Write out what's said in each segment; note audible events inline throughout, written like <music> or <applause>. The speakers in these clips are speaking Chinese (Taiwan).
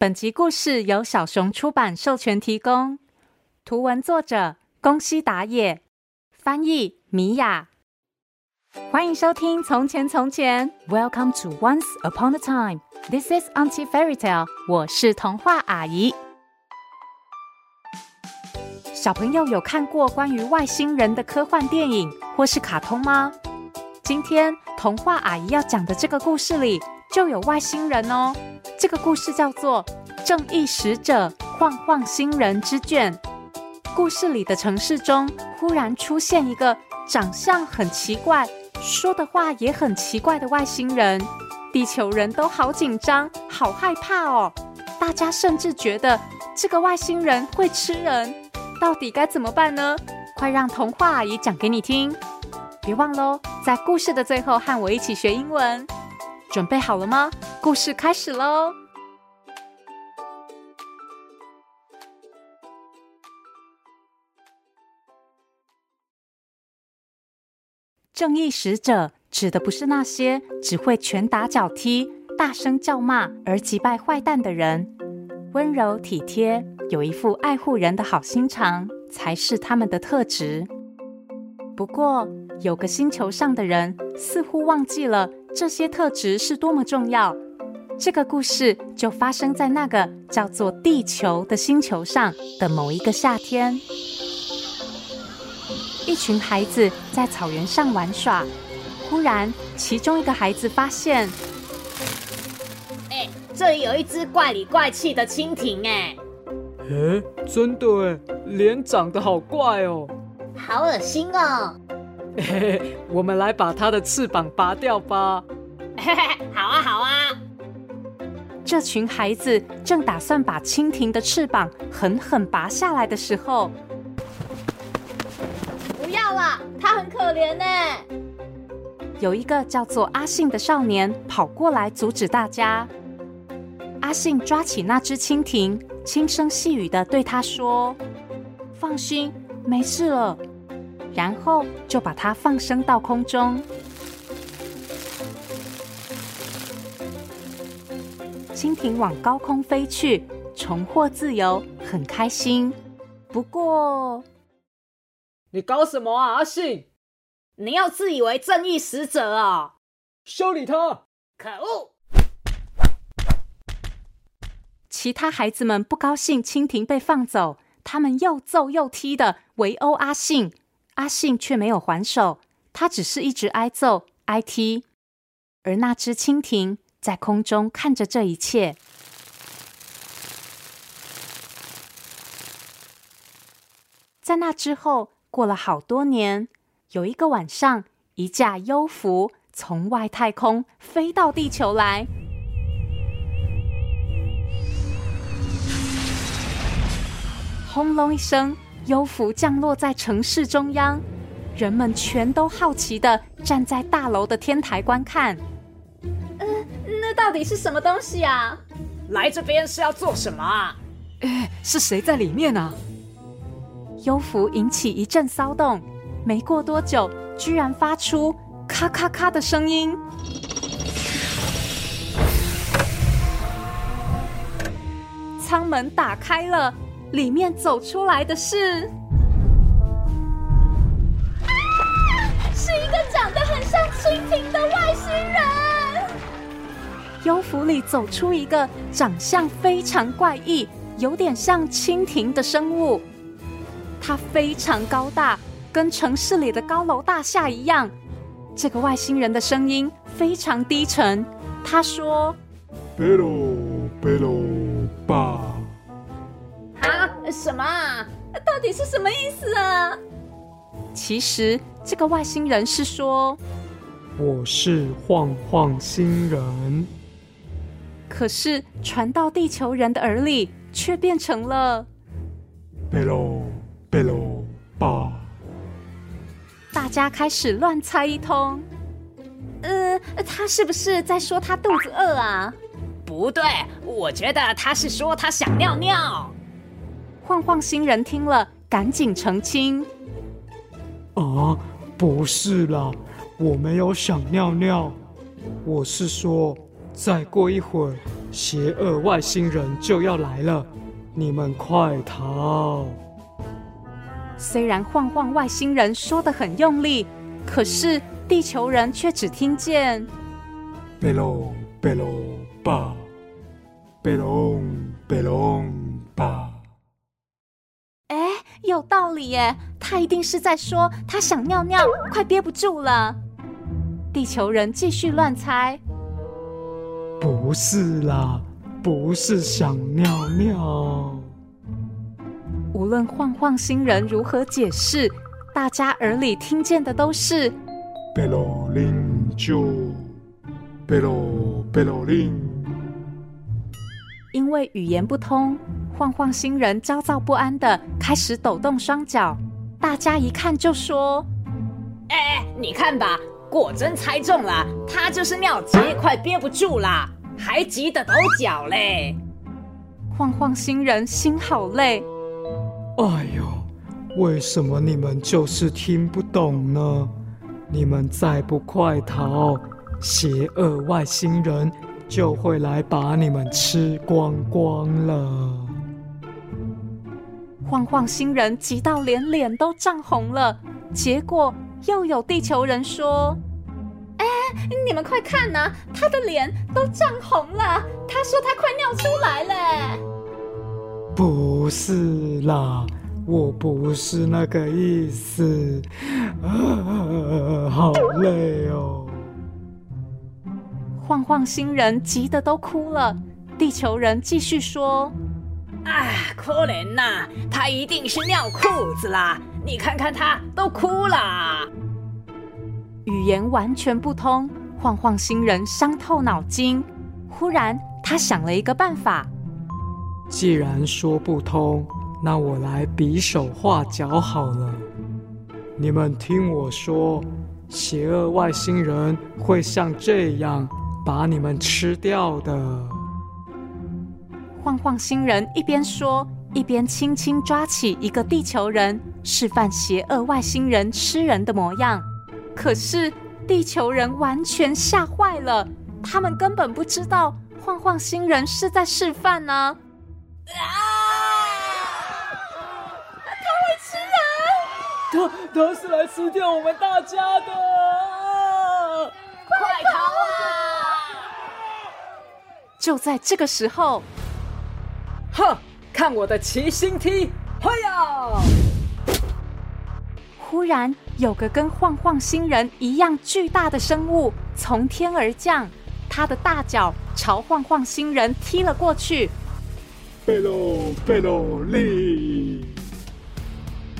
本集故事由小熊出版授權提供，圖文作者宮西達也，翻譯米雅。歡迎收聽《從前從前》，Welcome to Once Upon a Time，This is Auntie Fairy Tale，我是童話阿姨。小朋友有看過關於外星人的科幻電影或是卡通嗎？今天童話阿姨要講的這個故事裡，就有外星人哦，這個故事叫做《正義使者：晃晃星人之卷》。故事裡的城市中忽然出現一個長相很奇怪，說的話也很奇怪的外星人，地球人都好緊張、好害怕哦。大家甚至覺得這個外星人會吃人，到底該怎麼辦呢？快讓童話阿姨講給你聽！別忘嘍，在故事的最後和我一起學英文。準備好了嗎？故事開始嘍！正義使者指的不是那些只會拳打腳踢、大聲叫罵而擊敗壞蛋的人，溫柔體貼、有一副愛護人的好心腸，才是他們的特質。不過，有個星球上的人似乎忘記了。這些特質是多麼重要！這個故事就發生在那個叫做地球的星球上的某一個夏天。一群孩子在草原上玩耍，忽然其中一個孩子發現：“哎，這裡有一隻怪裡怪氣的蜻蜓，哎，哎，真的哎，臉長得好怪哦，好噁心哦。” <laughs> 我們來把它的翅膀拔掉吧。 <laughs> 好啊，好啊。這群孩子正打算把蜻蜓的翅膀狠狠拔下來的時候，不要啦，它很可憐呢。有一個叫做阿信的少年跑過來阻止大家。阿信抓起那隻蜻蜓，輕聲細語的對它說：“放心，沒事了。”然後就把它放生到空中。蜻蜓往高空飛去，重獲自由，很開心。不過，你搞什麼啊，阿信？你要自以為正義使者啊？修理他！可惡！其他孩子們不高興蜻蜓被放走，他們又揍又踢的圍毆阿信。阿信卻沒有還手，他只是一直挨揍、挨踢。而那隻蜻蜓在空中看着這一切。在那之後，過了好多年，有一個晚上，一架幽浮從外太空飛到地球來。轟隆一聲。幽浮降落在城市中央，人們全都好奇的站在大樓的天台觀看。呃，那到底是什麼東西啊？來這邊是要做什麼啊？哎，是誰在裡面啊？幽浮引起一陣騷動，沒過多久，居然發出咔咔咔的聲音。艙門打開了。裡面走出來的是、啊、是一個長得很像蜻蜓的外星人。幽浮裡走出一個長相非常怪異、有點像蜻蜓的生物，它非常高大，跟城市裡的高樓大廈一樣。這個外星人的聲音非常低沉，他說，貝魯貝魯吧。什麼？啊？到底是什麼意思啊？其實這個外星人是說：“我是晃晃星人。”可是傳到地球人的耳裡，卻變成了“貝羅貝羅巴”。大家開始亂猜一通。呃，他是不是在說他肚子餓啊？不對，我覺得他是說他想尿尿。嗯晃晃星人聽了，趕緊澄清。啊，不是啦，我沒有想尿尿，我是說，再過一會兒，邪惡外星人就要來了，你們快逃！雖然晃晃外星人說得很用力，可是地球人卻只聽見 be long, be long, 有道理耶，他一定是在說他想尿尿，快憋不住了。地球人繼續亂猜，不是啦，不是想尿尿。無論晃晃星人如何解釋，大家耳裡聽見的都是：貝洛零九，貝洛貝洛零。因為語言不通，晃晃星人焦躁不安地開始抖動雙腳。大家一看就說：“哎、欸，你看吧，果真猜中了，他就是尿急，快憋不住啦，還急得抖腳嘞。”晃晃星人心好累。哎呦，為什麼你們就是聽不懂呢？你們再不快逃，邪惡外星人！就會來把你們吃光光了。晃晃星人急到連臉都漲紅了，結果又有地球人說：“哎、欸，你們快看吶、啊，他的臉都漲紅了，他說他快尿出來了。”不是啦，我不是那個意思， <laughs> 好累哦。晃晃星人急得都哭了。地球人繼續說：“啊，可憐吶、啊，他一定是尿褲子啦！你看看他都哭了。”語言完全不通，晃晃星人傷透腦筋。忽然，他想了一個辦法：“既然說不通，那我來比手畫腳好了。你們聽我說，邪惡外星人會像這樣。”把你們吃掉的！」晃晃星人一邊說，一邊輕輕抓起一個地球人，示範邪惡外星人吃人的模樣。可是地球人完全嚇壞了，他們根本不知道晃晃星人是在示範呢、啊。啊！他，他會吃人、啊！他他是來吃掉我們大家的！就在這個時候，哼！看我的奇星踢！嘿呀！忽然有個跟晃晃星人一樣巨大的生物從天而降，他的大腳朝晃晃星人踢了過去。貝洛貝洛利！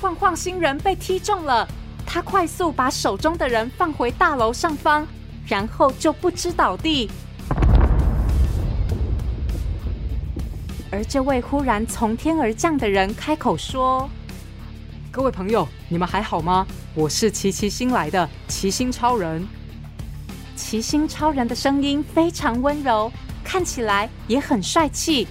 晃晃星人被踢中了，他快速把手中的人放回大樓上方，然後就不支倒地。而這位忽然從天而降的人開口說：“各位朋友，你們還好嗎？我是奇奇新來的奇星超人。奇星超人的聲音非常溫柔，看起來也很帥氣。誒、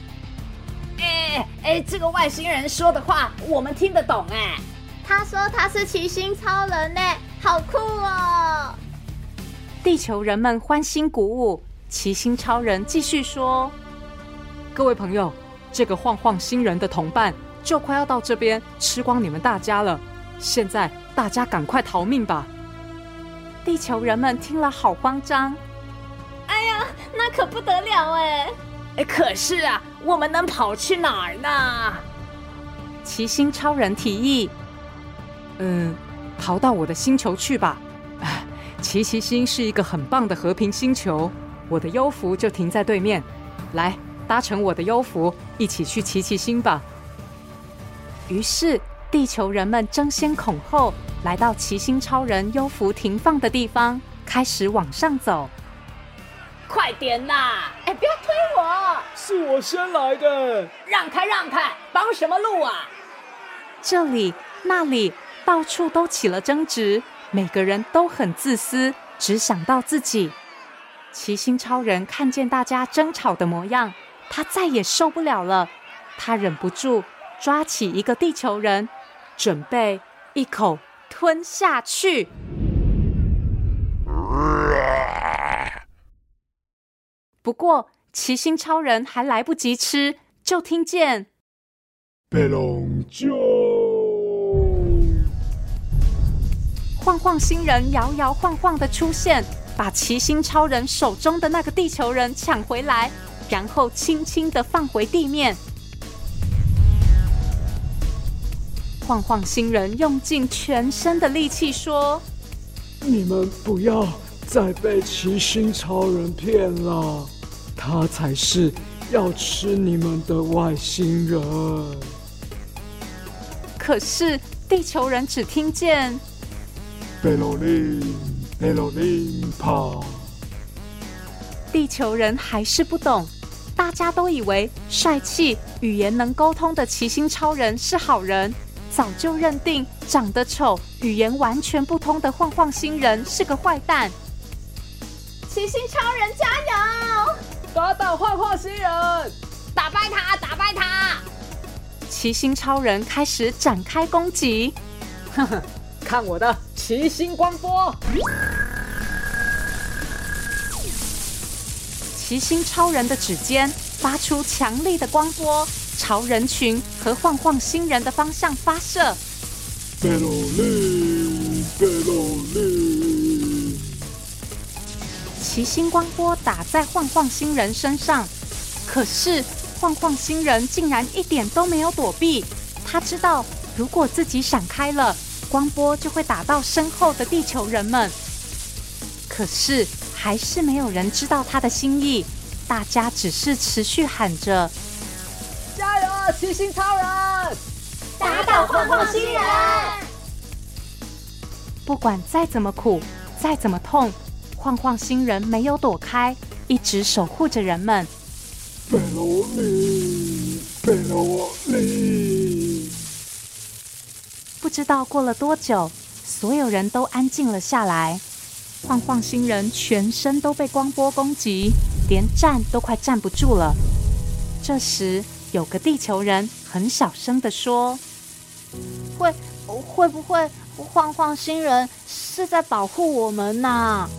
欸欸，這個外星人說的話我們聽得懂誒、啊，他說他是奇星超人呢、欸，好酷哦！地球人們歡欣鼓舞。奇星超人繼續說：各位朋友。”這個晃晃星人的同伴就快要到這邊吃光你們大家了，現在大家趕快逃命吧！地球人們聽了好慌張，哎呀，那可不得了哎！可是啊，我們能跑去哪兒呢？奇星超人提議：“嗯、呃，逃到我的星球去吧。奇、啊、奇星是一個很棒的和平星球，我的幽浮就停在對面，來。”搭乘我的幽浮一起去奇奇星吧。於是，地球人們爭先恐後來到奇星超人幽浮停放的地方，開始往上走。快點吶！哎、欸，不要推我！是我先來的。讓開，讓開！幫什麼路啊？這裡、那裡，到處都起了爭執，每個人都很自私，只想到自己。奇星超人看見大家爭吵的模樣。他再也受不了了，他忍不住抓起一個地球人，準備一口吞下去。呃、不過，奇星超人還來不及吃，就聽見“貝龍救”，晃晃星人搖搖晃晃晃的出現，把奇星超人手中的那個地球人搶回來，然後輕輕的放回地面。晃晃星人用盡全身的力氣說：“你們不要再被奇星超人騙了，他才是要吃你們的外星人。”可是地球人只聽見“貝羅尼，貝羅尼，跑”。地球人還是不懂。大家都以為帥氣、語言能溝通的奇星超人是好人，早就認定長得醜、語言完全不通的晃晃星人是個壞蛋。奇星超人加油，打倒晃晃星人，打敗他，打敗他！奇星超人開始展開攻擊，哼哼，看我的奇星光波！奇星超人的指尖發出強力的光波，朝人群和晃晃星人的方向發射。奇星光波打在晃晃星人身上，可是晃晃星人竟然一點都沒有躲避。他知道，如果自己閃開了，光波就會打到身後的地球人們。可是。還是沒有人知道他的心意，大家只是持續喊着：“加油，奇星超人，打倒晃晃星人！”不管再怎麼苦，再怎麼痛，晃晃星人沒有躲開，一直守護着人們。了我命，了我命。不知道過了多久，所有人都安靜了下來。晃晃星人全身都被光波攻擊，連站都快站不住了。這時，有個地球人很小聲地說：“會會不會晃晃星人是在保護我們呢啊？”“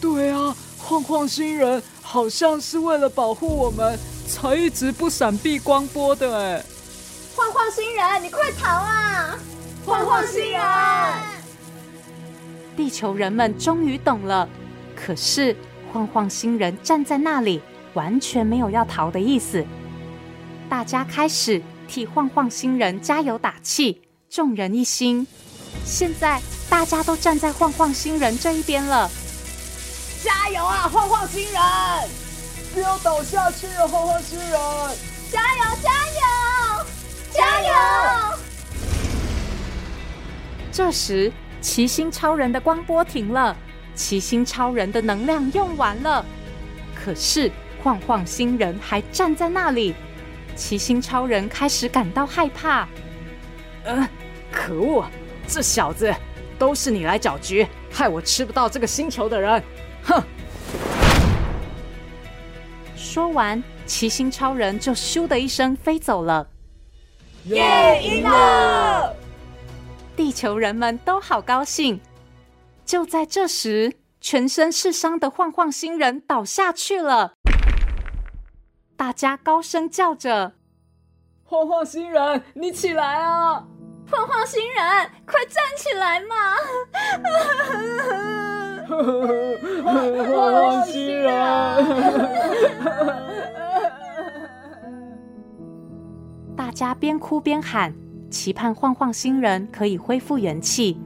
對啊，晃晃星人好像是為了保護我們，才一直不閃避光波的。”“哎，晃晃星人，你快逃啊！晃晃星人！”地球人們終於懂了，可是晃晃星人站在那裡，完全沒有要逃的意思。大家開始替晃晃星人加油打氣，眾人一心。現在大家都站在晃晃星人這一邊了，加油啊，晃晃星人！不要倒下去，晃晃星人，加油！加油，加油，加油！這時。奇星超人的光波停了，奇星超人的能量用完了，可是晃晃星人還站在那裡，奇星超人開始感到害怕。嗯、呃，可惡，這小子，都是你來攪局，害我吃不到這個星球的人，哼！說完，奇星超人就咻的一聲飛走了。耶、yeah，贏了！地球人們都好高興。就在這時，全身是傷的晃晃星人倒下去了。大家高聲叫着：“晃晃星人，你起來啊！晃晃星人，你起來啊！晃晃星人，快站起來嘛！” <laughs> <laughs> 晃，晃晃星人！ <laughs> 大家邊哭邊喊。期盼晃晃星人可以恢復元氣，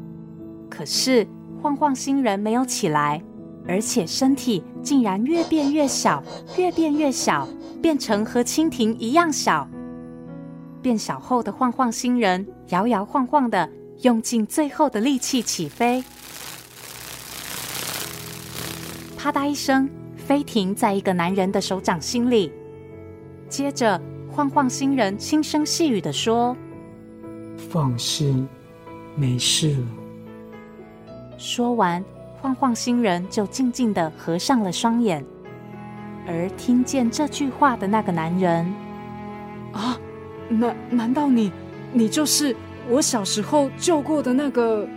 可是晃晃星人沒有起來，而且身體竟然越變越小，越變越小，變成和蜻蜓一樣小。變小後的晃晃星人搖搖晃晃的，用盡最後的力氣起飛。啪嗒一聲，飛停在一個男人的手掌心裡。接着，晃晃星人輕聲細語的說。放心，沒事了。說完，晃晃星人就靜靜的合上了雙眼，而聽見這句話的那個男人，啊，難難道你，你就是我小時候救過的那個？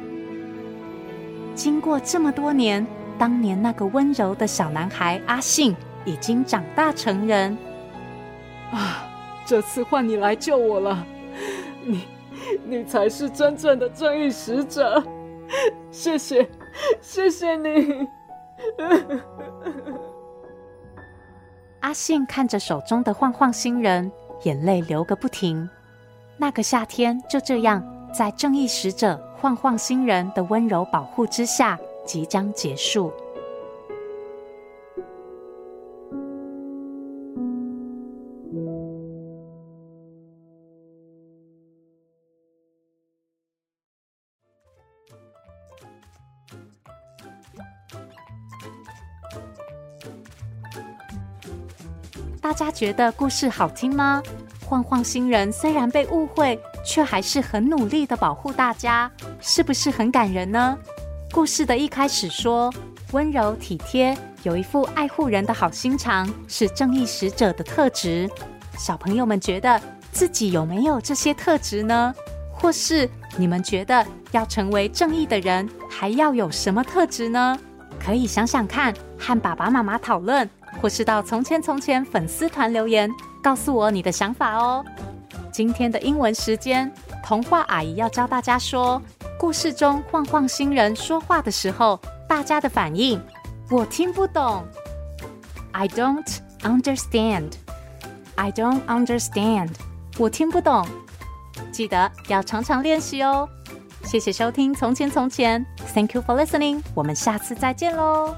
經過這麼多年，當年那個溫柔的小男孩阿信已經長大成人。啊，這次換你來救我了，你。你才是真正的正義使者，謝謝，謝謝你， <laughs> 阿信看着手中的晃晃星人，眼淚流個不停。那個夏天就這樣在正義使者晃晃星人的溫柔保護之下，即將結束。大家覺得故事好聽嗎？晃晃星人雖然被誤會，卻還是很努力地保護大家，是不是很感人呢？故事的一開始說，溫柔體貼，有一副愛護人的好心腸，是正義使者的特質。小朋友們覺得自己有沒有這些特質呢？或是你們覺得要成為正義的人，還要有什麼特質呢？可以想想看，和爸爸媽媽討論。或是到從前從前粉絲團留言，告訴我你的想法哦。今天的英文時間，童話阿姨要教大家說故事中晃晃星人說話的時候，大家的反應。我聽不懂，I don't understand. I don't understand. 我聽不懂。記得要常常練習哦。謝謝收聽從前從前，Thank you for listening。我們下次再見嘍。